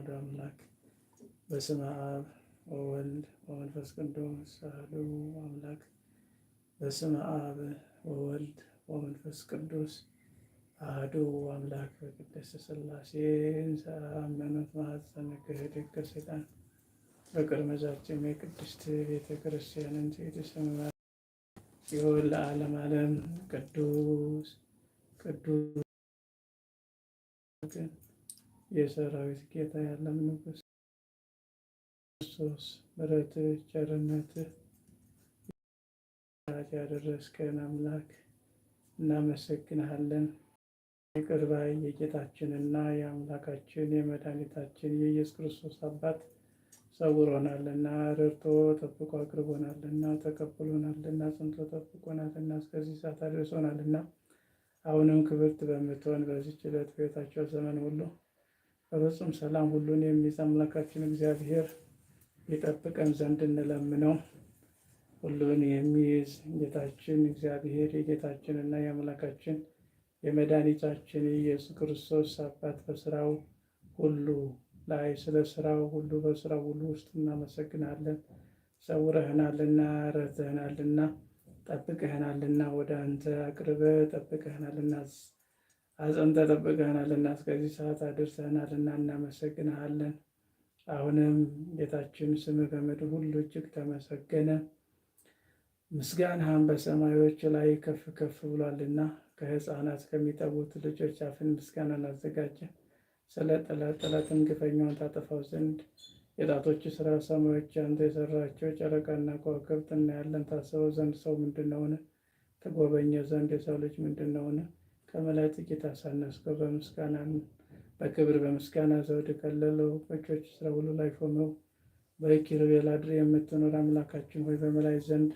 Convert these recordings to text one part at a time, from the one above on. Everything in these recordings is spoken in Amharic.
አሐዱ አምላክ በስመ አብ ወወልድ ወመንፈስ ቅዱስ አሐዱ አምላክ በስመ አብ ወወልድ ወመንፈስ ቅዱስ አሐዱ አምላክ በቅድስት ሥላሴ ዘአመኖት ማኅፀነ ገህድግ ከሥጋን በቅድመ ዛችም የቅድስት ቤተ ክርስቲያንን ትስማ ሲሆን ለዓለም ዓለም ቅዱስ ቅዱስ የሰራዊት ጌታ የዓለም ንጉሥ ክርስቶስ ምሕረትህ ቸርነትህ ት ያደረስከን አምላክ እናመሰግንሃለን። ይቅር ባይ የጌታችንና የአምላካችን የመድኃኒታችን የኢየሱስ ክርስቶስ አባት ሰውሮናልና ረድቶ ጠብቆ አቅርቦናልና ተቀብሎናልና ጽንቶ ጠብቆናልና እስከዚህ ሰዓት አድርሶናልና አሁንም ክብርት በምትሆን በዚህ ችለት ሕይወታቸው ዘመን ሁሉ በፍጹም ሰላም ሁሉን የሚይዝ አምላካችን እግዚአብሔር ይጠብቀን ዘንድ እንለምነው። ሁሉን የሚይዝ ጌታችን እግዚአብሔር የጌታችንና የአምላካችን የመድኃኒታችን ኢየሱስ ክርስቶስ አባት በስራው ሁሉ ላይ ስለ ስራው ሁሉ በስራው ሁሉ ውስጥ እናመሰግናለን። ሰውረህናልና ረድተህናልና ጠብቀህናልና ወደ አንተ አቅርበ ጠብቀህናልና አጽንተ ጠብቀህናልና እስከዚህ ሰዓት አድርሰህናልና እናመሰግንሃለን። አሁንም ጌታችን ስም በምድር ሁሉ እጅግ ተመሰገነ፣ ምስጋናህም በሰማዮች ላይ ከፍ ከፍ ብሏልና ከህፃናት ከሚጠቡት ልጆች አፍን ምስጋናን አዘጋጀ። ስለ ጠላት ጠላትን ግፈኛውን ታጠፋው ዘንድ የጣቶች ስራ ሰማዮች አንተ የሰራቸው ጨረቃና ከዋክብት እናያለን። ታስበው ዘንድ ሰው ምንድን ነውን? ተጎበኘ ዘንድ የሰው ልጅ ምንድን ነውን? ከመላእክት ጥቂት አሳነስከው። በምስጋና በክብር በምስጋና ዘውድ ከለለው። በእጆች ስራ ሁሉ ላይ ሾመው። በኪሩቤል አድር የምትኖር አምላካችን ሆይ በመላእክት ዘንድ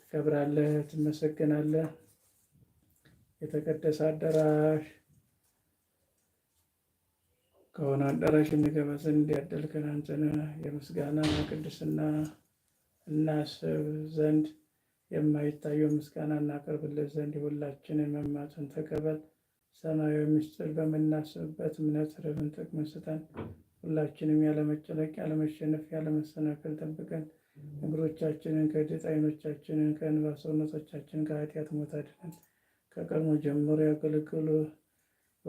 ትከብራለህ፣ ትመሰግናለህ። የተቀደሰ አዳራሽ ከሆነ አዳራሽ እንገባ ዘንድ ያደልከን አንተ ነህ። የምስጋና ቅድስና እናስብ ዘንድ የማይታየው ምስጋና እናቀርብለት ዘንድ ሁላችንን መማፀን ተቀበል። ሰማያዊ ምስጢር በምናስብበት እምነት ርብን ጥቅም ስጠን። ሁላችንም ያለመጨለቅ፣ ያለመሸነፍ፣ ያለመሰናከል ጠብቀን። እግሮቻችንን ከድጥ አይኖቻችንን ከእንባ ሰውነቶቻችን ከኃጢአት ሞት አድነን። ከቀድሞ ጀምሮ ያገለግሉ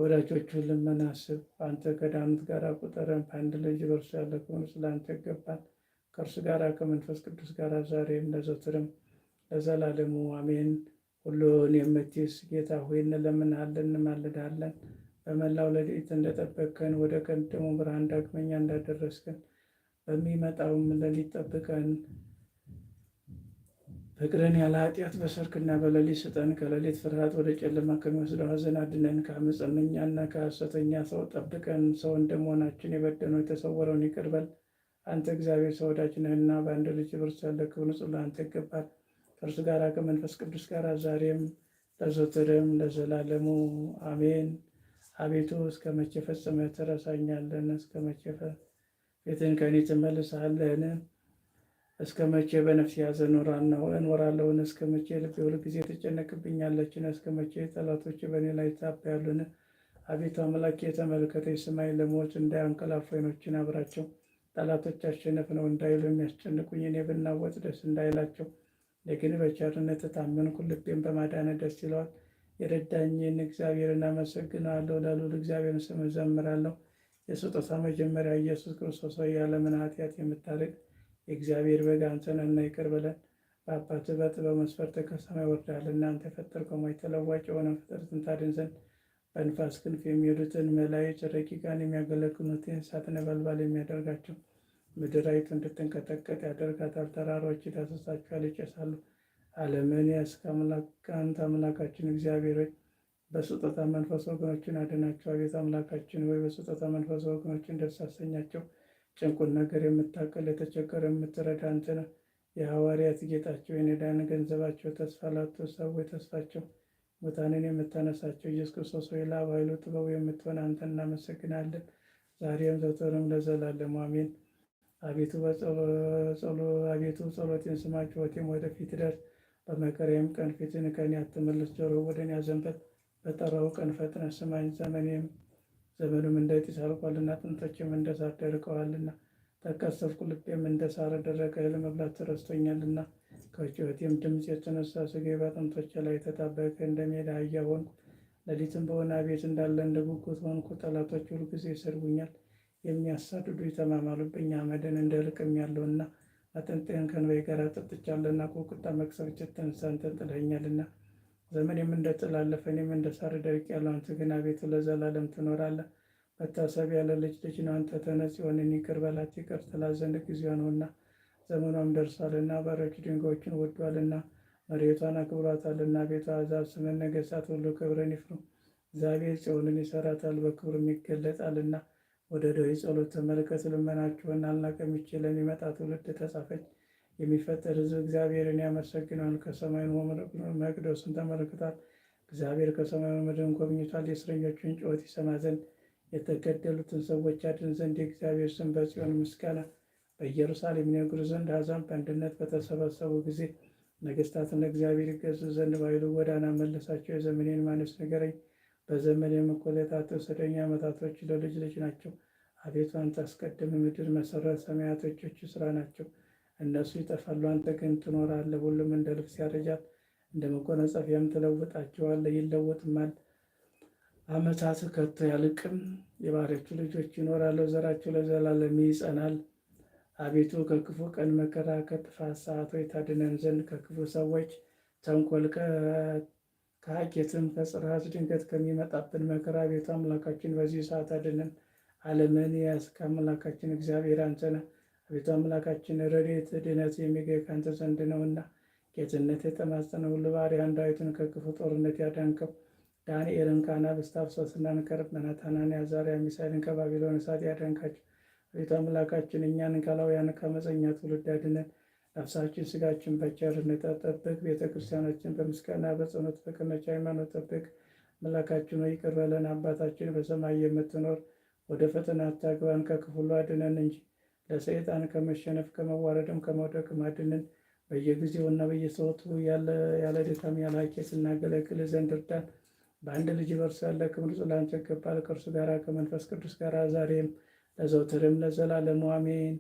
ወዳጆቹን ልመና አስብ። አንተ ከዳኑት ጋር ቁጠረን። በአንድ ልጅ በእርሱ ያለ ክብር ስለአንተ ይገባል። ከእርሱ ጋር ከመንፈስ ቅዱስ ጋር ዛሬም ለዘወትርም ለዘላለሙ አሜን። ሁሉን የምትይዝ ጌታ ሆይ እንለምንሃለን፣ እንማልዳለን። በመላው ለሊት እንደጠበቀን ወደ ቀን ብርሃን ዳግመኛ እንዳደረስከን በሚመጣውም ሌሊት ጠብቀን። ፍቅርን ያለ ኃጢአት በሰርክና በሌሊት ስጠን። ከሌሊት ፍርሃት ወደ ጨለማ ከሚወስደው ሐዘን አድነን። ከአመፀኛና ከሐሰተኛ ሰው ጠብቀን። ሰው እንደመሆናችን የበደነው የተሰወረውን ይቅር በል። አንተ እግዚአብሔር ሰው ወዳጅ ነህና፣ በአንድ ልጅ ብርስ ያለ ክብር ለአንተ ይገባል። ከእርሱ ጋር ከመንፈስ ቅዱስ ጋር ዛሬም ለዘወትርም ለዘላለሙ አሜን። አቤቱ እስከ መቼ ፈጽመ ትረሳኛለህን? እስከ መቼ ፊትህን ከእኔ ትመልሳለን? እስከ መቼ በነፍስ ሐዘን እኖራለሁን? እስከ መቼ ልቤ ጊዜ ትጨነቅብኛለችን? እስከ መቼ ጠላቶች በእኔ ላይ ይታበያሉን? አቤቱ አምላኬ ተመልከተኝ፣ ስማኝ። ለሞት እንዳያንቀላፉ ዓይኖችን አብራቸው። ጠላቶች አሸነፍ ነው እንዳይሉ የሚያስጨንቁኝ እኔ ብናወጥ ደስ እንዳይላቸው ለግን በቸርነት ታመንኩ፣ ልቤን በማዳነ ደስ ይለዋል። የረዳኝን እግዚአብሔርን አመሰግናለሁ። ለሉል እግዚአብሔርን ስም እዘምራለሁ። የስጦታ መጀመሪያ ኢየሱስ ክርስቶስ ሆይ ያለምን ኃጢአት የምታርቅ የእግዚአብሔር በግ አንተንና ይቅር በለን በአባት በጥበብ መስፈርት ከሰማይ ወርዳልና አንተ የፈጠርከው ሞይ ተለዋጭ የሆነ ፍጥረትን ታድን ዘንድ በንፋስ ክንፍ የሚሄዱትን መላእክት ረቂቃን የሚያገለግሉትን እሳት ነበልባል የሚያደርጋቸው ምድራዊቱ እንድትንቀጠቀጥ ያደርጋታል። ተራሮች ይዳሰሳቸዋል፣ ይጨሳሉ። ዓለምን ያስከ አምላካችን እግዚአብሔር ሆይ በስጦታ መንፈስ ወገኖችን አድናቸው። አቤት አምላካችን ወይ በስጦታ መንፈስ ወገኖችን ደስ አሰኛቸው። ጭንቁን ነገር የምታቀል የተቸገረ የምትረዳ አንተ ነህ። የሐዋርያት ጌጣቸው የነዳያን ገንዘባቸው ተስፋ ላጡ ሰዎች ተስፋቸው ሙታንን የምታነሳቸው ኢየሱስ ክርስቶስ ወይ ላብ ኃይሉ ጥበቡ የምትሆን አንተ እናመሰግናለን። ዛሬም ዘወትርም ለዘላለሙ አሜን። አቤቱ በጸሎ አቤቱ ጸሎቴን ስማ፣ ጩኸቴም ወደፊት ይደርስ። በመከራዬም ቀን ፊትን ከእኔ አትመልስ፣ ጆሮ ወደ እኔ በጠራው ቀን ፈጥነ ስማኝ። ዘመኔም ዘመኑም እንደ ጢስ አልቋልና፣ አጥንቶቼም እንደ ሳር ደርቀዋልና። ተቀሰፍኩ፣ ልቤም እንደ ሳር ደረቀ፣ እህል መብላት ተረስቶኛልና። ከጩኸቴም ድምፅ የተነሳ ሥጋዬ በአጥንቶቼ ላይ ተጣበቀ፣ እንደሜዳ አህያ ሆንኩ። ሌሊትም በሆነ ቤት እንዳለ እንደ ጉጉት ሆንኩ። ጠላቶች ሁልጊዜ ይሰድቡኛል። የሚያሳድዱ የተማማሉብኝ አመድን እንደ ልቅም ያለውና አጥንቴን ከንበይ ጋር አጠጥቻለሁና ቁቁጣ መቅሰፍቼ ተንሳን ተንጥለኛልና ዘመኔም እንደ ጥላ አለፈ፣ እኔም እንደ ሳር ደርቄአለሁ። አንተ ግን አቤቱ ለዘላለም ትኖራለህ። መታሰብ ያለ ልጅ ልጅ ነው። አንተ ተነጽ ሆን ይቅር በላት፣ ይቅር ትላት ጊዜ ጊዜዋ ነውና ዘመኗም ደርሷልና። ባሮች ድንጋዮችን ወዷልና መሬቷን አክብሯታልና። ቤቷ አሕዛብ ስምህን፣ ነገሥታት ሁሉ ክብርን ይፍሩ። እግዚአብሔር ጽዮንን ይሰራታል በክብሩም ይገለጣልና። ወደ ደዊ ጸሎት ተመልከት ልመናችሁን አልናቀምቼ ለሚመጣ ትውልድ ተጻፈች። የሚፈጠር ሕዝብ እግዚአብሔርን ያመሰግናል። ከሰማይ መቅደሱን ተመልክቷል። እግዚአብሔር ከሰማይ ምድርን ጎብኝቷል። የእስረኞችን ጩኸት ይሰማ ዘንድ የተገደሉትን ሰዎች ያድን ዘንድ የእግዚአብሔር ስም በጽዮን ምስጋና በኢየሩሳሌም ይነግሩ ዘንድ አሕዛብ በአንድነት በተሰበሰቡ ጊዜ ነገስታትን እግዚአብሔር ይገዙ ዘንድ ባይሉ ጎዳና መለሳቸው። የዘመኔን ማነስ ንገረኝ በዘመን መቆጣት አትውሰደኝ፣ ዓመታቶች ለልጅ ልጅ ናቸው። አቤቱ አንተ አስቀድም፣ ምድር መሰረት ሰማያቶች ስራ ናቸው። እነሱ ይጠፋሉ፣ አንተ ግን ትኖራለህ። ሁሉም እንደ ልብስ ያረጃል፣ እንደ መጎናጸፊያም ትለውጣቸዋለህ። ይለወጥማል፣ ዓመታት ከቶ ያልቅም። የባሪያዎቹ ልጆች ይኖራሉ፣ ዘራቸው ለዘላለም ይጸናል። አቤቱ ከክፉ ቀን መከራ፣ ከጥፋት ሰዓቶች ታድነን ዘንድ ከክፉ ሰዎች ተንኮል ከሀኬትም ከጽርሐስ ድንገት ከሚመጣብን መከራ ቤቱ አምላካችን በዚህ ሰዓት አድነን። ዓለምን ያስከ አምላካችን እግዚአብሔር አንተነ አቤቱ አምላካችን ረድኤት ድነት የሚገኝ ከአንተ ዘንድ ነውና ጌትነት የተማጸነ ሁሉ ባሪያህን ዳዊትን ከክፉ ጦርነት ያዳንከው ዳንኤልን ከአናብስት አፍሰስናን ከርመናታናን አዛርያ ሚሳኤልን ከባቢሎን እሳት ያዳንካቸው አቤቱ አምላካችን እኛን ካላውያን ከአመፀኛ ትውልድ አድነን። ነፍሳችን ስጋችን በቸርነት ጠብቅ። ቤተ ክርስቲያናችን በምስጋና በጸሎት በቀናች ሃይማኖት ጠብቅ። አምላካችን ሆይ ይቅር በለን። አባታችን በሰማይ የምትኖር ወደ ፈተና አታግባን ከክፉ አድነን እንጂ ለሰይጣን ከመሸነፍ ከመዋረድም ከመውደቅም አድነን። እና በየሰዓቱ ያለ ድካም ያለ ሐኬት ስናገለግል ዘንድ እርዳን። በአንድ ልጅ በርሱ ያለ ክብር ላንተ ይገባል። ከእርሱ ጋር ከመንፈስ ቅዱስ ጋር ዛሬም ለዘውትርም ለዘላለሙ አሜን።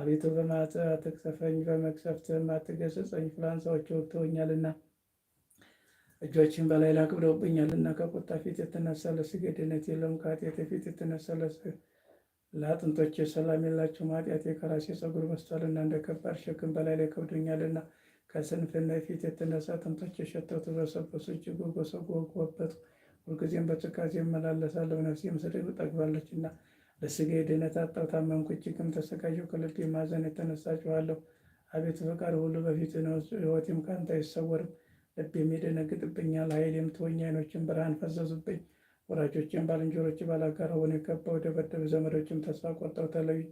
አቤቱ በማኅፀን አትቅሰፈኝ፣ በመቅሰፍትህም አትገስጸኝ፣ ፍላጻዎቼ ወግተውኛልና እጆችን በላይ ላክብደውብኛልና። ከቁጣ ፊት የተነሳ ለስግድነት የለም፣ ከአጤት ፊት የተነሳ ለአጥንቶቼ ሰላም የላቸውም። ኃጢአቴ ከራሴ ፀጉር በስቷልና፣ እንደ ከባድ ሸክም በላይ ላይ ከብዶኛልና። ከስንፍና ፊት የተነሳ አጥንቶቼ የሸተቱ በሰበሱ፣ እጅግ ጎሰጎጎበት። ሁልጊዜም በትካዜ እመላለሳለሁ፣ ነፍሴም ስድብ እና ለስጋ የድህነት አጣው እጅግም ተሰቃየሁ። ከልብ ማዘን የተነሳ ጮኻለሁ። አቤቱ ፈቃድ ሁሉ በፊት ነው፣ ሕይወቴም ከአንተ አይሰወርም። ልቤም ይደነግጥብኛል፣ ኃይሌም ተወኝ። ዓይኖችም ብርሃን ፈዘዙብኝ። ወራጆችም ባልንጀሮች ባላጋራ ሆኑ፣ ከበው ደበደብ ዘመዶችም ተስፋ ቆርጠው ተለዩ።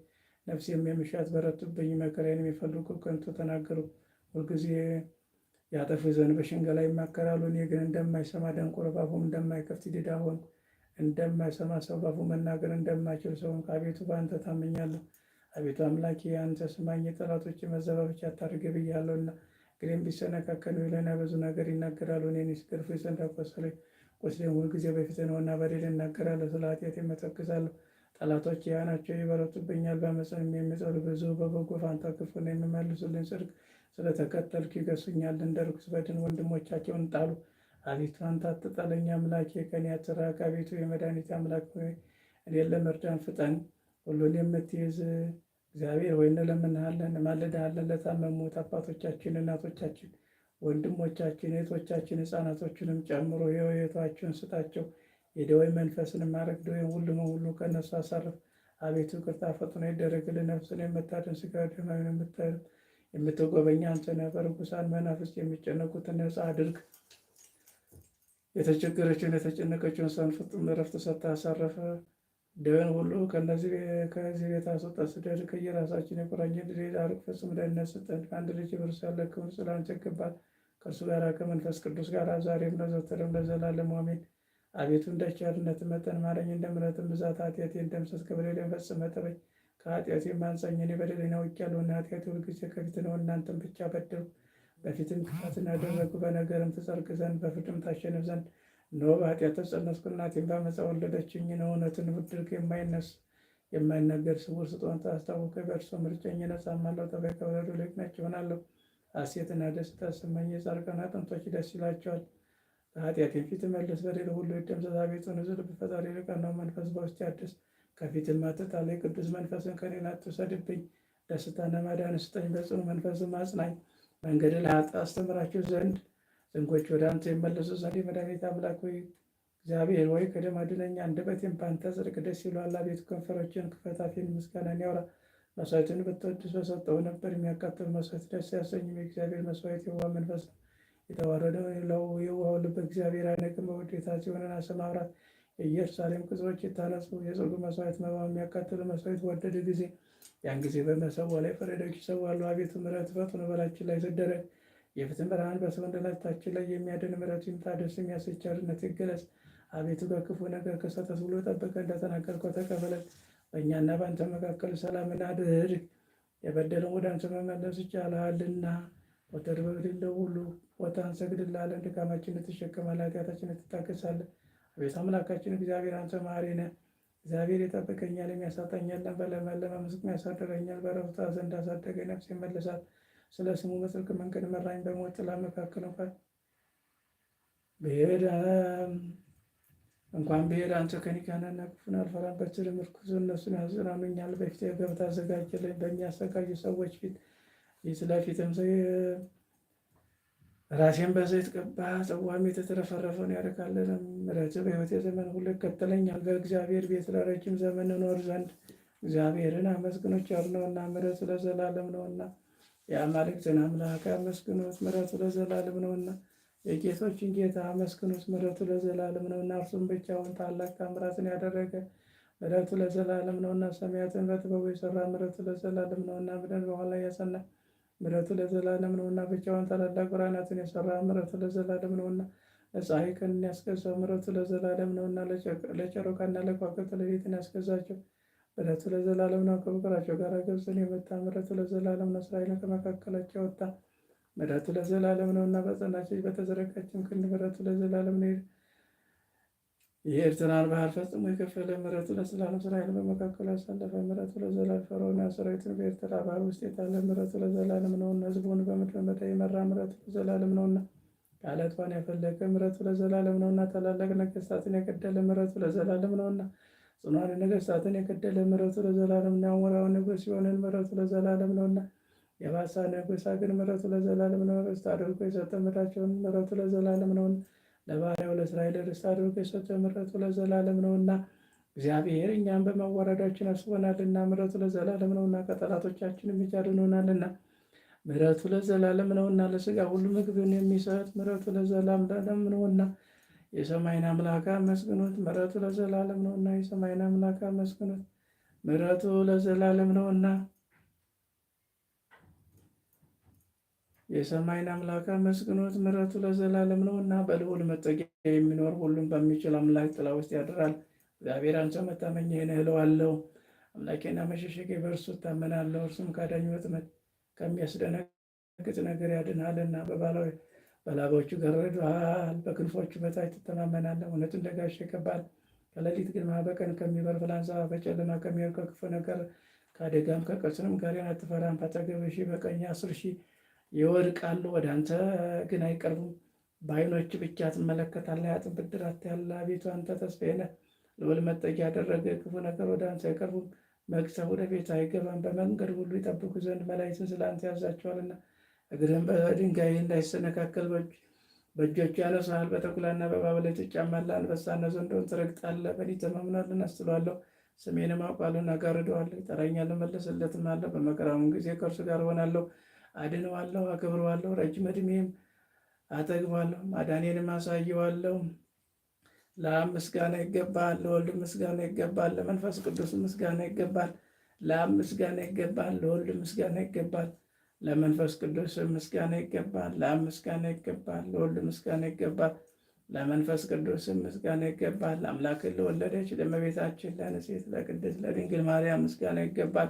ነፍሴም የምሻት በረቱብኝ፣ መከራዬን የሚፈልጉ ከንቱ ተናገሩ። ሁልጊዜ ያጠፉ ዘንድ በሽንገላ ይማከራሉ። እኔ ግን እንደማይሰማ ደንቆሮ፣ እንደማይከፍት ዲዳ ሆንኩ። እንደማይሰማ ሰው ባፉ መናገር እንደማይችል ሰውን አቤቱ በአንተ ታምኛለሁ። አቤቱ አምላኬ አንተ ስማኝ፣ የጠላቶች መዘባበቻ አታድርግ ብያለሁና እግሬም ቢሰነካከሉ ይለና ብዙ ነገር ይናገራሉ። እኔን ዘንድ ይሰንዳቆሰለኝ ቁስሌም ሁልጊዜ በፊት ነውና በደል እናገራለሁ። ስለ ኃጢአት መተክዛለሁ። ጠላቶች ያ ናቸው ይበረቱብኛል። በመጽም የሚጠሉ ብዙ በበጎ ፋንታ ክፉን የሚመልሱልኝ ጽድቅ ስለተከተልክ ይገሱኛል። እንደርኩስ በድን ወንድሞቻቸውን ጣሉ። አቤቱ አንተ አትጣለኝ አምላኬ፣ ከኔ አትራቅ። አቤቱ የመድኃኒት አምላክ ሆይ እኔን ለመርዳን ፍጠን። ሁሉን የምትይዝ እግዚአብሔር ሆይ እንለምንሃለን፣ እንማልድሃለን። ለታመሙት አባቶቻችን፣ እናቶቻችን፣ ወንድሞቻችን፣ እህቶቻችን ህፃናቶችንም ጨምሮ ሕይወታቸውን ስጣቸው። የደዌ መንፈስን ማረግ፣ ደዌ ሁሉ ሁሉ ከነሱ አሳርፍ። አቤቱ ቅርታ ፈጥኖ ይደረግልን። ነፍስን የምታድን ስጋ ደማ የምትጎበኛ አንተ ነህ። በርኩሳን መናፍስት የሚጨነቁትን ነፃ አድርግ። የተቸገረችን የተጨነቀችውን ሳን ፍጹም እረፍት ሰጥተህ አሳረፈ። ደዌን ሁሉ ከዚህ ቤት አስወጣ። ስደድ ከየራሳችን የቁራኝን ድሬድ ዳርቅ ፍጹም ደህንነት ስጠን። አንድ ልጅ ብርስ ያለ ክብር ስላን ይገባል፣ ከእርሱ ጋር ከመንፈስ ቅዱስ ጋር ዛሬም ለዘወትርም ለዘላለም አሜን። አቤቱ እንደ ቸርነትህ መጠን ማረኝ፣ እንደ ምሕረትህም ብዛት ኃጢአቴን ደምስስ፣ ከበደሌን ፈጽመህ ጠበኝ። ከኃጢአቴም አንጻኝ፣ እኔ በደለኛ ነኝ፣ አውቄአለሁና ኃጢአቴ ሁልጊዜ ከፊትህ ነው፣ እናንተን ብቻ በደልሁ። በፊትም ክፋትን ያደረግኩ በነገርም ትጸርቅ ዘንድ በፍርድም ታሸንፍ ዘንድ እነሆ በኃጢአት ተጸነስኩ፣ እናቴም በዓመፃ ወለደችኝ። እውነትን ብድርክ የማይነስ የማይነገር ስውር ስጦታ አስታወቀ። በእርሱ ምርጨኝ እነጻማለሁ፣ ተባይ ወደ ልቅ ነጭ ይሆናለሁ። አሴትና ደስታ ስመኝ የጻድቃን አጥንቶች ደስ ይላቸዋል። በኃጢአት ፊት መልስ፣ በደል ሁሉ ይደምሰስ። አቤቱ ንጹሕ ልብ ፈጣሪ የቀናው መንፈስ በውስጥ ያድስ ከፊትም አትጣለኝ፣ ቅዱስ መንፈስን ከኔ አትውሰድብኝ። ደስታና ማዳን ስጠኝ፣ በጽኑ መንፈስም አጽናኝ። መንገድ ለኃጥ አስተምራቸው ዘንድ ዝንጎች ወደ አንተ የመለሱ ዘንድ የመድኃኒት አምላክ ሆይ እግዚአብሔር ወይ ከደም አድነኝ። አንደበቴን በአንተ ጽድቅ ደስ ይለዋል። አቤቱ ከንፈሮችን ክፈት፣ አፌን ምስጋናን ያውራ። መስዋዕትን ብትወድስ በሰጠው ነበር። የሚያቃጥል መስዋዕት ደስ ያሰኝም። የእግዚአብሔር መስዋዕት የዋህ መንፈስ ነው። የተዋረደው ለው የዋህ ልብ እግዚአብሔር አይንቅም። በውዴታ ጽዮንን አሰማራት። የኢየሩሳሌም ቅጽሮች ይታነጹ። የጽዱ መስዋዕት መባ የሚያቃጥል መስዋዕት ወደደ ጊዜ ያን ጊዜ በመሰዊያው ላይ ፈረዶች ይሰዋሉ። አቤቱ ምሕረት በፍጥነት በላያችን ላይ ስደረግ የፍትህ ብርሃን በሰውነታችን ላይ የሚያድን ምሕረት ይምጣ፣ ደስ የሚያሰኝ ቸርነት ይገለጽ። አቤቱ በክፉ ነገር ከሰጠት ብሎ ጠበቀ እንደተናገርከው ተቀበለን። በእኛና በአንተ መካከል ሰላምን አድርግ፣ የበደለን ወደ አንተ መመለስ ይቻልሃልና። ወተር በሌለው ሁሉ ቦታ እንሰግድልሃለን፣ ድካማችን ትሸከማለህ፣ ኃጢአታችንን ትታገሳለህ። አቤቱ አምላካችን እግዚአብሔር አንተ መሐሪ ነህ እግዚአብሔር የጠበቀኛል፣ የሚያሳጣኛል፣ የለም። በለመለመ መስክ ያሳድረኛል፣ በዕረፍቱ ዘንድ አሳደገ። ነፍስ ይመለሳል፣ ስለ ስሙ በጽድቅ መንገድ መራኝ። በሞት ጥላ መካከል እንኳን ብሄድ እንኳን ብሄድ አንተ ከእኔ ጋር ነህ፣ ክፉን አልፈራም። በትርህ ምርኩዝህ እነሱን ያጽናኑኛል። በፊት ገብ ታዘጋጀለኝ፣ በሚያሰቃዩ ሰዎች ፊት ፊት ሰው ራሴን በዘይት ቀባ፣ ጽዋም የተትረፈረፈን ያረካለንም። ምሕረት በሕይወቴ ዘመን ሁሉ ይከተለኛል። በእግዚአብሔር ቤት ለረጅም ዘመን እኖር ዘንድ እግዚአብሔርን አመስግኑ፣ ቸር ነውና፣ ምሕረቱ ለዘላለም ነውና። የአማልክትን አምላክ አመስግኑት፣ ምሕረቱ ለዘላለም ነውና። የጌቶችን ጌታ አመስግኑት፣ ምሕረቱ ለዘላለም ነውና። እርሱም ብቻውን ታላቅ ታምራትን ያደረገ ምሕረቱ ለዘላለም ነውና። ሰማያትን በጥበቡ የሰራ ምሕረቱ ለዘላለም ነውና። ምድርን በኋላ ያሰናል ምረቱ ለዘላለም ነውና ብቻውን ታላላቅ ብርሃናትን የሰራ ምረቱ ለዘላለም ነውና ለፀሐይ ቀንን ያስገዛው ምረቱ ለዘላለም ነውና ለጨረቃና ለከዋክብት ሌሊትን ያስገዛቸው ምረቱ ለዘላለም ነው። ከፍቅራቸው ጋር ግብፅን የመታ ምረቱ ለዘላለም ነው። እስራኤልን ከመካከላቸው ወጣ ምረቱ ለዘላለም ነውና በጸናች በተዘረጋችም ክንድ ምረቱ ለዘላለም ነው። የኤርትራን ባህር ፈጽሞ የከፈለ ምሕረቱ ለዘላለም እስራኤል በመካከሉ ያሳለፈ ምረቱ ለዘላለም ፈርዖንና ሰራዊቱን በኤርትራ ባህር ውስጥ የጣለ ምረቱ ለዘላለም ነውና ህዝቡን በምድረ በዳ የመራ ምረቱ ለዘላለም ነውና ከዓለቷን ያፈለቀ ምረቱ ለዘላለም ነውና ታላላቅ ነገስታትን የገደለ ምረቱ ለዘላለም ነውና ጽኗን ነገስታትን የገደለ ምረቱ ለዘላለም ነው። ያሞራው ንጉሥ ሲሆንን ምሕረቱ ለዘላለም ነውና የባሳ ንጉሥ ኦግን ምረቱ ለዘላለም ነው። ርስት አድርጎ የሰጠ ምድራቸውን ምረቱ ለዘላለም ነውና ለባሪያው ለእስራኤል ርስት አድርጎ የሰጠው ምረቱ ለዘላለም ነውና እግዚአብሔር እኛም በመዋረዳችን አስቦናልና ምረቱ ለዘላለም ነውና ከጠላቶቻችንም እጅ አድኖናልና ምሕረቱ ለዘላለም ነውና ለስጋ ሁሉ ምግብን የሚሰጥ ምረቱ ለዘላለም ነውና የሰማይን አምላክ አመስግኑት። ምረቱ ለዘላለም ነውና የሰማይን አምላክ አመስግኑት። ምረቱ ለዘላለም ነውና የሰማይን አምላክ አመስግኖት፣ ምሕረቱ ለዘላለም ነው እና በልዑል መጠጊያ የሚኖር ሁሉም በሚችል አምላክ ጥላ ውስጥ ያድራል። እግዚአብሔር አንተ መታመኛዬ እህለው እለዋለሁ። አምላኬና መሸሸጌ በእርሱ እታመናለሁ። እርሱም ከአዳኝ ወጥመድ ከሚያስደነግጥ ነገር ያድንሃልና። በላባዎቹ ገረድሃል፣ በክንፎቹ በታች ትተማመናለህ። እውነት እንደ ጋሻ ይከብብሃል። ከሌሊት ግርማ፣ በቀን ከሚበር ፍላጻ፣ በጨለማ ከሚሄድ ከክፉ ነገር፣ ከአደጋም ከቀትርም ጋር አትፈራም። በአጠገብህ ሺህ በቀኝ አስር ሺህ ይወድቃሉ፣ ወደ አንተ ግን አይቀርቡም። በአይኖች ብቻ ትመለከታለህ፣ ኃጥእ ብድራት ያለ አቤቱ አንተ ተስፋዬ ነህ፣ ልዑል መጠጊያ ያደረገ ክፉ ነገር ወደ አንተ አይቀርቡም። መቅሰፍ ወደ ቤት አይገባም፣ በመንገድ ሁሉ ይጠብቁ ዘንድ መላእክትን ስለ አንተ ያዛቸዋልና። እግርህን በድንጋይ እንዳይሰነካከል በእጆች ያነሳል። በተኩላና በባበል ትጫማለህ፣ አንበሳና ዘንዶን ትረግጣለህ። በእኔ ተማምኗልና አስጥለዋለሁ፣ ስሜንም አውቋልና ጋርደዋለሁ። ይጠራኛል፣ እመልስለትም አለሁ። በመከራውም ጊዜ ከእርሱ ጋር እሆናለሁ። አድነዋለሁ፣ አከብረዋለሁ፣ ረጅም ዕድሜም አጠግባለሁ፣ ማዳኔንም አሳየዋለሁ። ለአብ ምስጋና ይገባል፣ ለወልድ ምስጋና ይገባል፣ ለመንፈስ ቅዱስ ምስጋና ይገባል። ለአብ ምስጋና ይገባል፣ ለወልድ ምስጋና ይገባል፣ ለመንፈስ ቅዱስ ምስጋና ይገባል። ለአብ ምስጋና ይገባል፣ ለወልድ ምስጋና ይገባል፣ ለመንፈስ ቅዱስ ምስጋና ይገባል። ለአምላክ ለወለደች ለእመቤታችን ለንሴት ለቅድስት ለድንግል ማርያም ምስጋና ይገባል።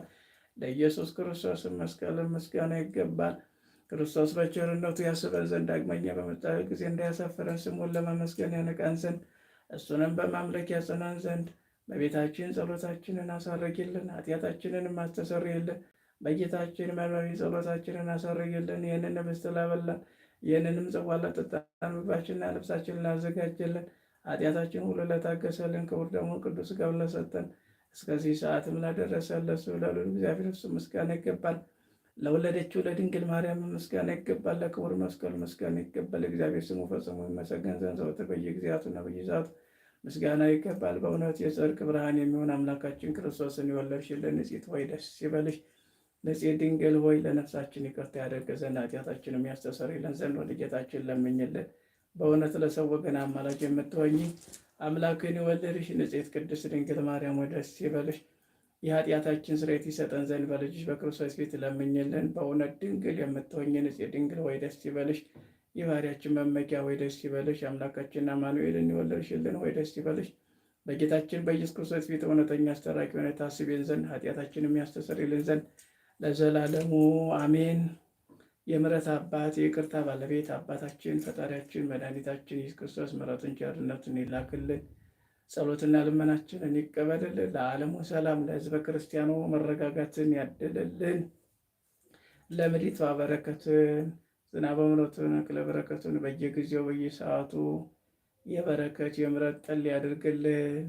ለኢየሱስ ክርስቶስ መስቀል ምስጋና ይገባል። ክርስቶስ በቸርነቱ ያስበን ዘንድ ዳግመኛ በመጣ ጊዜ እንዳያሳፍረን ስሙን ለመመስገን ያነቃን ዘንድ እሱንም በማምለክ ያጸናን ዘንድ በቤታችን ጸሎታችንን አሳረግልን፣ ኃጢአታችንንም አስተሰርይልን። በጌታችን መባዊ ጸሎታችንን አሳረግልን። ይህንን ህብስት ላበላን፣ ይህንንም ጽዋ ላጠጣን፣ ምግባችንና ልብሳችንን ላዘጋጀልን፣ ኃጢአታችን ሁሉ ለታገሰልን፣ ክቡር ደግሞ ቅዱስ ሥጋውን ለሰጠን እስከዚህ ሰዓትም ላደረሰን ለእሱ ለልዑል እግዚአብሔር እሱ ምስጋና ይገባል። ለወለደችው ለድንግል ማርያም ምስጋና ይገባል። ለክቡር መስቀሉ ምስጋና ይገባል። እግዚአብሔር ስሙ ፈጽሞ ይመሰገን ዘንድ ዘወትር በየጊዜያቱና በየሰዓቱ ምስጋና ይገባል። በእውነት የጽድቅ ብርሃን የሚሆን አምላካችን ክርስቶስን የወለድሽልን ንጽሕት ሆይ ደስ ይበልሽ። ንጽሕት ድንግል ሆይ ለነፍሳችን ይቅርታ ያደርግ ዘንድ ኃጢአታችንም ያስተሰርይልን ዘንድ ወደ ጌታችን ለምኝልን። በእውነት ለሰው ወገን አማላጅ የምትሆኝ አምላክን የወለድሽ ንጽሕት ቅድስት ድንግል ማርያም ወደስ ይበልሽ፣ የኃጢአታችን ስርየት ይሰጠን ዘንድ በልጅሽ በክርስቶስ ፊት ለምኝልን። በእውነት ድንግል የምትሆኝ ንጽሕት ድንግል ወይ ደስ ይበልሽ፣ የባህርያችን መመኪያ ወይ ደስ ይበልሽ፣ አምላካችን አማኑኤልን የወለድሽልን ወይ ደስ ይበልሽ። በጌታችን በኢየሱስ ክርስቶስ ፊት እውነተኛ አስተራቂ ሆነ ታስቤን ዘንድ ኃጢአታችን የሚያስተሰርይልን ዘንድ ለዘላለሙ አሜን። የምረት አባት የቅርታ ባለቤት አባታችን ፈጣሪያችን መድኃኒታችን ኢየሱስ ክርስቶስ ምሕረቱን ቸርነቱን ይላክልን፣ ጸሎትና ልመናችንን ይቀበልልን፣ ለዓለሙ ሰላም ለሕዝበ ክርስቲያኑ መረጋጋትን ያድልልን፣ ለምድሪቷ በረከትን ዝናበ ምሕረቱን አክለ በረከቱን በየጊዜው በየሰዓቱ የበረከት የምሕረት ጠል ያድርግልን።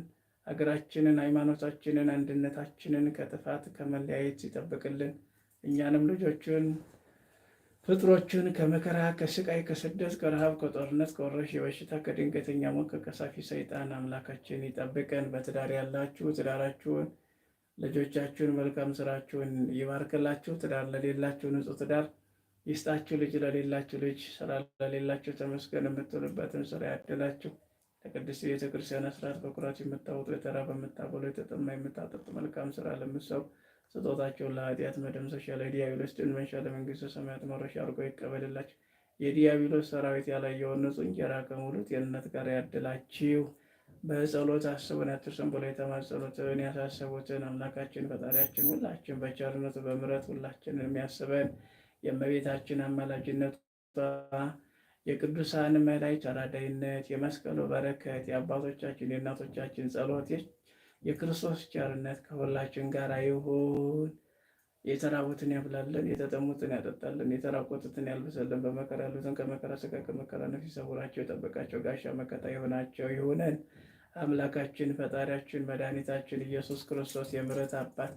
ሀገራችንን፣ ሃይማኖታችንን፣ አንድነታችንን ከጥፋት ከመለያየት ይጠብቅልን እኛንም ልጆቹን ፍጥሮችን ከመከራ ከስቃይ ከስደት ከረሃብ ከጦርነት ከወረሽ የበሽታ ከድንገተኛ ሞት ከቀሳፊ ሰይጣን አምላካችን ይጠብቀን። በትዳር ያላችሁ ትዳራችሁን፣ ልጆቻችሁን መልካም ስራችሁን ይባርክላችሁ። ትዳር ለሌላችሁ ንጹሕ ትዳር ይስጣችሁ። ልጅ ለሌላችሁ ልጅ፣ ስራ ለሌላችሁ ተመስገን የምትሉበትን ስራ ያደላችሁ። ለቅድስት ቤተክርስቲያን ስርዓት በኩራት የምታወጡ የተራ በምታበሉ የተጠማ የምታጠጡ መልካም ስራ ለምሰው ስጦታቸው ለኃጢአት መደምሰሻ ለዲያብሎስ ድል መንሻ ለመንግስተ ሰማያት መረሻ አድርጎ ይቀበልላቸው። የዲያብሎስ ሰራዊት ያላየውን ንጹሕ እንጀራ ከሙሉ ጤንነት ጋር ያድላችሁ። በጸሎት አስቡን አትርሱን ብሎ የተማጸኑትን ያሳሰቡትን አምላካችን ፈጣሪያችን ሁላችን በቸርነቱ በምሕረት ሁላችን የሚያስበን የእመቤታችን አማላጅነት የቅዱሳን መላእክት ተራዳይነት የመስቀሉ በረከት የአባቶቻችን የእናቶቻችን ጸሎት የክርስቶስ ቸርነት ከሁላችን ጋር ይሁን። የተራቡትን ያብላለን፣ የተጠሙትን ያጠጣለን፣ የተራቆቱትን ያልብሰልን፣ በመከራ ያሉትን ከመከራ ስጋ ከመከራ ነፍስ ይሰውራቸው፣ የጠበቃቸው ጋሻ መከታ የሆናቸው ይሁነን። አምላካችን ፈጣሪያችን መድኃኒታችን ኢየሱስ ክርስቶስ የምሕረት አባት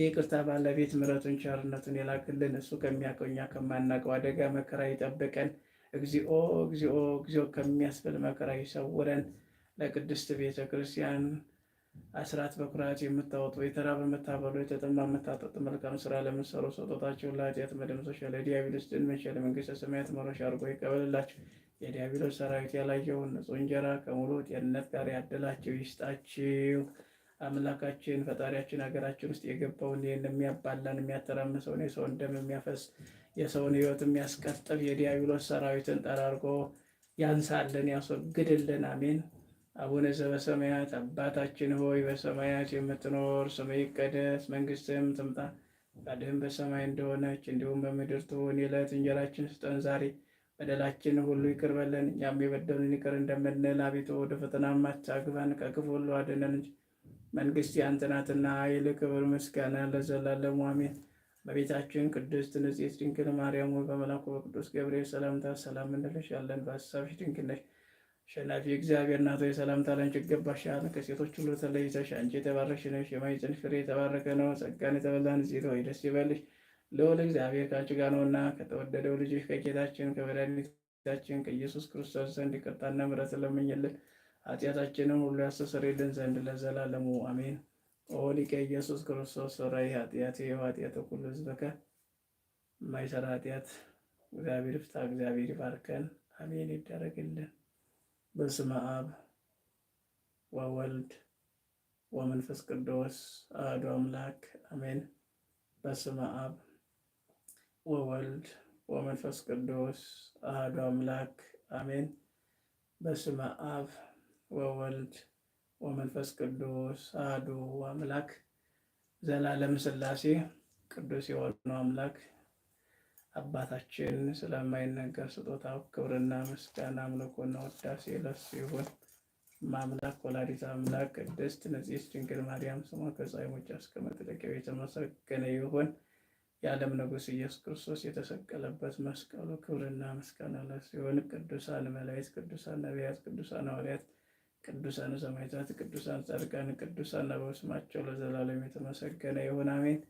የይቅርታ ባለቤት ምሕረቱን ቸርነቱን የላክልን እሱ ከሚያውቀው እኛ ከማናውቀው አደጋ መከራ ይጠብቀን። እግዚኦ እግዚኦ እግዚኦ ከሚያስብል መከራ ይሰውረን። ለቅድስት ቤተ ክርስቲያን አስራት በኩራት የምታወጡ የተራበ የምታበሉ የተጠማ መታጠጥ መልካም ስራ ለምትሰሩ ስጦታችሁን ለኃጢአት መደምሰሻ ለዲያብሎስ ድንመሻ ለመንግስተ ሰማያት መሮሻ አድርጎ ይቀበልላቸው የዲያብሎስ ሰራዊት ያላየውን ንጹ እንጀራ ከሙሉ ጤንነት ጋር ያደላቸው ይስጣችው። አምላካችን ፈጣሪያችን ሀገራችን ውስጥ የገባውን ይህን የሚያባላን የሚያተራምሰውን የሰውን ደም የሚያፈስ የሰውን ህይወት የሚያስቀጥፍ የዲያብሎስ ሰራዊትን ጠራርጎ ያንሳልን፣ ያስወግድልን። አሜን። አቡነ ዘበሰማያት አባታችን ሆይ በሰማያት የምትኖር ስምህ ይቀደስ፣ መንግስትህም ትምጣ፣ ፈቃድህም በሰማይ እንደሆነች እንዲሁም በምድር ትሁን። የዕለት እንጀራችን ስጠን ዛሬ፣ በደላችን ሁሉ ይቅር በለን እኛም ይቅር እንደምንል፣ አቤቱ ወደ ፈተና አታግባን ከክፉ ሁሉ አድነን እንጂ መንግስት ያንተ ናትና፣ ኃይል፣ ክብር፣ ምስጋና ለዘላለሙ አሜን። በቤታችን ቅድስት ንጽሕት ድንግል ማርያም ሆይ በቅዱስ ገብርኤል ሰላምታ ሰላም እንልሻለን። በሀሳብሽ ድንግል ነሽ አሸናፊ እግዚአብሔር ናቶ የሰላምታ ላንቺ ይገባሻል። ከሴቶች ሁሉ ተለይተሽ አንቺ የተባረክሽ ነሽ፣ የማኅፀንሽ ፍሬ የተባረከ ነው። ጸጋን የተመላሽ ሴት ሆይ ደስ ይበልሽ፣ ልዑል እግዚአብሔር ከአንቺ ጋር ነውና ከተወደደው ልጅሽ ከጌታችን ከመድኃኒታችን ከኢየሱስ ክርስቶስ ዘንድ ይቅርታና ምሕረት ለምኝልን ኃጢአታችንን ሁሉ ያስተሰርይልን ዘንድ ለዘላለሙ አሜን። ኦሊቀ ኢየሱስ ክርስቶስ ሠራዊ ኃጢአት ኃጢአተ ሁሉ ዝበከ የማይሰራ ኃጢአት እግዚአብሔር ፍታ እግዚአብሔር ይባርከን። አሜን ይደረግልን። በስመ አብ ወወልድ ወመንፈስ ቅዱስ አሐዱ አምላክ አሜን። በስመ አብ ወወልድ ወመንፈስ ቅዱስ አሐዱ አምላክ አሜን። በስመ አብ ወወልድ ወመንፈስ ቅዱስ አሐዱ አምላክ ዘላለም ሥላሴ ቅዱስ የሆነው አምላክ አባታችን ስለማይነገር ስጦታው ክብርና ምስጋና አምልኮና ወዳሴ ለሱ ይሁን። ማምላክ ወላዲት አምላክ ቅድስት ንጽሕት ድንግል ማርያም ስሟ ከፀሐይ መውጫ እስከ መጥለቂያው የተመሰገነ ይሁን። የዓለም ንጉሥ ኢየሱስ ክርስቶስ የተሰቀለበት መስቀሉ ክብርና ምስጋና ለሱ ይሁን። ቅዱሳን መላእክት፣ ቅዱሳን ነቢያት፣ ቅዱሳን ሐዋርያት፣ ቅዱሳን ሰማዕታት፣ ቅዱሳን ጻድቃን፣ ቅዱሳን አበው ስማቸው ለዘላለም የተመሰገነ ይሁን። አሜን።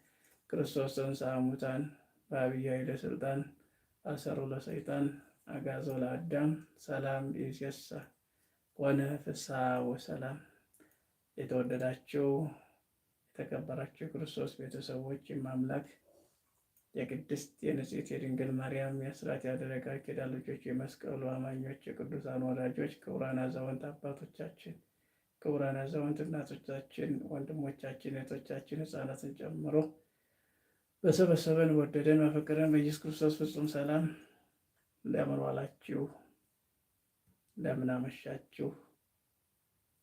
ክርስቶስ ተንሥአ እሙታን በአብይ ኃይለ ስልጣን አሰሮ ለሰይጣን አጋዞ ለአዳም ሰላም ኢዝየሰ ሆነ ፍስሐ ወሰላም። የተወደዳቸው የተከበራቸው ክርስቶስ ቤተሰቦች የማምላክ የቅድስት የንጽሕት የድንግል ማርያም የስራት ያደረጋ ኬዳ ልጆች የመስቀሉ አማኞች የቅዱሳን ወዳጆች ክቡራን አዛውንት አባቶቻችን ክቡራን አዛውንት እናቶቻችን ወንድሞቻችን እህቶቻችን ህፃናትን ጨምሮ በሰበሰበን ወደደን በፈቀደን በኢየሱስ ክርስቶስ ፍጹም ሰላም እንደምን ዋላችሁ? እንደምን አመሻችሁ?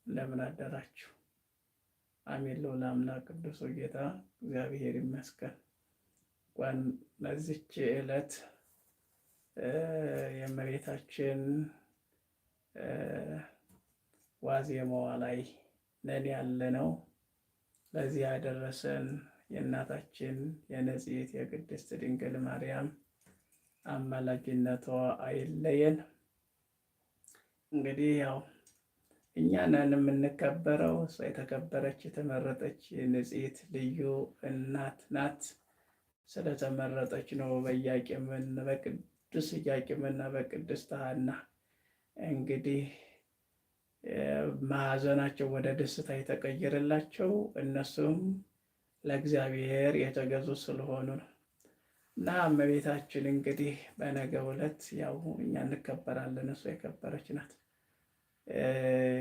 እንደምን አደራችሁ? አሜን። ልዑል አምላክ ቅዱስ ጌታ እግዚአብሔር ይመስገን። እንኳን ለዚች ዕለት የእመቤታችን ዋዜማዋ ላይ ነን ነው? ለዚህ ያደረሰን የእናታችን የንጽሕት የቅድስት ድንግል ማርያም አማላጅነቷ አይለየን። እንግዲህ ያው እኛ ነን የምንከበረው። እሷ የተከበረች የተመረጠች ንጽሕት ልዩ እናት ናት። ስለተመረጠች ነው በኢያቄምና በቅዱስ ኢያቄምና በቅድስት ሐና እንግዲህ ማዕዘናቸው ወደ ደስታ የተቀየረላቸው እነሱም ለእግዚአብሔር የተገዙ ስለሆኑ ነው። እና እመቤታችን እንግዲህ በነገ ዕለት ያው እኛ እንከበራለን፣ እሷ የከበረች ናት።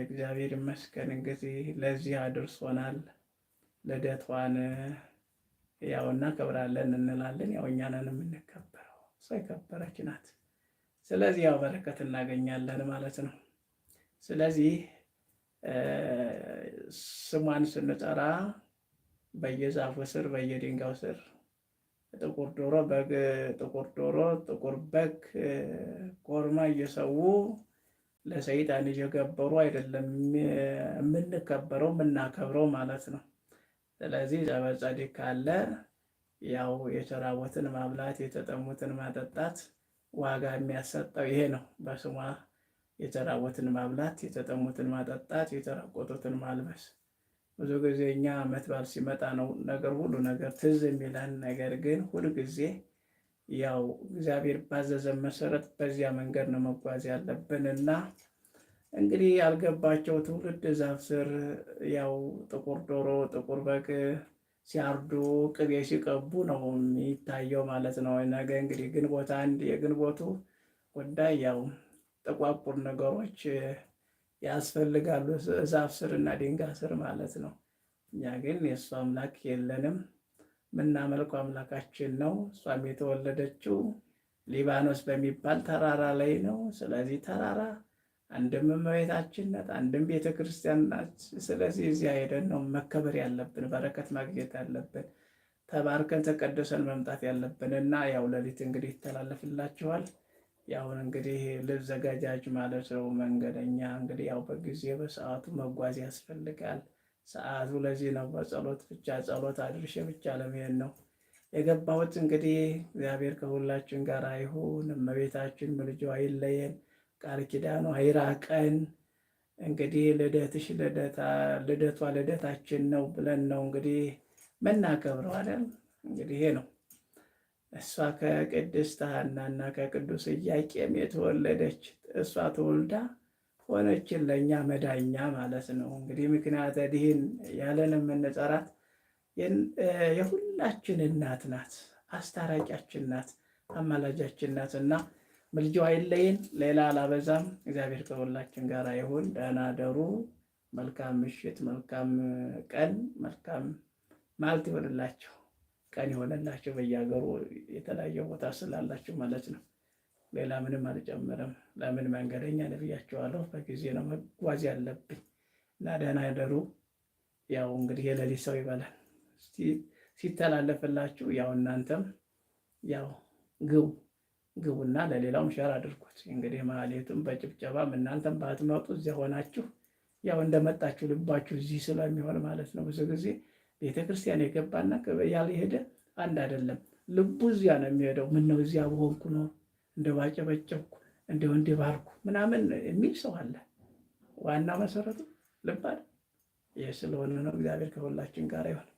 እግዚአብሔር ይመስገን እንግዲህ ለዚህ አድርሶናል። ልደቷን ያው እናከብራለን እንላለን። ያው እኛ ነን የምንከበረው፣ እሷ የከበረች ናት። ስለዚህ ያው በረከት እናገኛለን ማለት ነው። ስለዚህ ስሟን ስንጠራ በየዛፉ ስር በየድንጋው ስር ጥቁር ዶሮ በግ ጥቁር ዶሮ ጥቁር በግ ኮርማ እየሰዉ ለሰይጣን እየገበሩ አይደለም የምንከበረው የምናከብረው ማለት ነው። ስለዚህ ዘበጸዲቅ ካለ ያው የተራቡትን ማብላት የተጠሙትን ማጠጣት ዋጋ የሚያሰጠው ይሄ ነው። በስሟ የተራቡትን ማብላት የተጠሙትን ማጠጣት የተራቆቱትን ማልበስ ብዙ ጊዜ እኛ ዓመት በዓል ሲመጣ ነው ነገር ሁሉ ነገር ትዝ የሚለን። ነገር ግን ሁል ጊዜ ያው እግዚአብሔር ባዘዘ መሰረት በዚያ መንገድ ነው መጓዝ ያለብንና እንግዲህ ያልገባቸው ትውልድ ዛፍ ስር ያው ጥቁር ዶሮ ጥቁር በግ ሲያርዱ ቅቤ ሲቀቡ ነው የሚታየው ማለት ነው። ነገ እንግዲህ ግንቦት አንድ የግንቦቱ ጉዳይ ያው ጥቋቁር ነገሮች ያስፈልጋሉ ዛፍ ስር እና ድንጋይ ስር ማለት ነው። እኛ ግን የእሱ አምላክ የለንም፣ ምናመልኩ አምላካችን ነው። እሷም የተወለደችው ሊባኖስ በሚባል ተራራ ላይ ነው። ስለዚህ ተራራ አንድም እመቤታችን ናት፣ አንድም ቤተ ክርስቲያን ናት። ስለዚህ እዚያ ሄደን ነው መከበር ያለብን፣ በረከት ማግኘት ያለብን፣ ተባርከን ተቀደሰን መምጣት ያለብን እና ያው ሌሊት እንግዲህ ይተላለፍላችኋል። ያሁን እንግዲህ ልዘጋጃጅ ማለት ነው። መንገደኛ እንግዲህ ያው በጊዜ በሰዓቱ መጓዝ ያስፈልጋል። ሰዓቱ ለዚህ ነው። በጸሎት ብቻ ጸሎት አድርሼ ብቻ ለመሄድ ነው የገባሁት። እንግዲህ እግዚአብሔር ከሁላችን ጋር ይሁን። እመቤታችን ምልጃዋ አይለየን፣ ቃል ኪዳኗ አይራቀን። እንግዲህ ልደትሽ ልደቷ ልደታችን ነው ብለን ነው እንግዲህ ምናከብረው አይደል? እንግዲህ ይሄ ነው። እሷ ከቅድስት ሐናና ከቅዱስ ኢያቄም የተወለደች እሷ ተወልዳ ሆነችን ለእኛ መዳኛ ማለት ነው። እንግዲህ ምክንያት ድህን ያለን የምንጠራት የሁላችን እናት ናት፣ አስታራቂያችን ናት፣ አማላጃችን ናት እና ምልጃዋ አይለይን። ሌላ አላበዛም። እግዚአብሔር ከሁላችን ጋር ይሁን። ደህና ደሩ። መልካም ምሽት፣ መልካም ቀን፣ መልካም ማለት ይሆንላቸው። ቀን የሆነላቸው በየሀገሩ የተለያየ ቦታ ስላላቸው ማለት ነው። ሌላ ምንም አልጨምርም። ለምን መንገደኛ ነብያቸዋለሁ። በጊዜ ነው መጓዝ ያለብኝ እና ደህና ያደሩ። ያው እንግዲህ የሌሊት ሰው ይበላል ሲተላለፍላችሁ፣ ያው እናንተም ያው ግቡ ግቡና ለሌላውም ሸር አድርጉት። እንግዲህ ማሌቱም በጭብጨባም እናንተም ባትመጡ እዚያ ሆናችሁ ያው እንደመጣችሁ ልባችሁ እዚህ ስለሚሆን ማለት ነው ብዙ ጊዜ ቤተ ክርስቲያን የገባና ያልሄደ አንድ አይደለም። ልቡ እዚያ ነው የሚሄደው። ነው እዚያ በሆንኩ ነው እንደ ባጨበጨብኩ እንደው እንደ ባልኩ ምናምን የሚል ሰው አለ። ዋና መሰረቱ ልብ ይህ ስለሆነ ነው። እግዚአብሔር ከሁላችን ጋር ይሆን።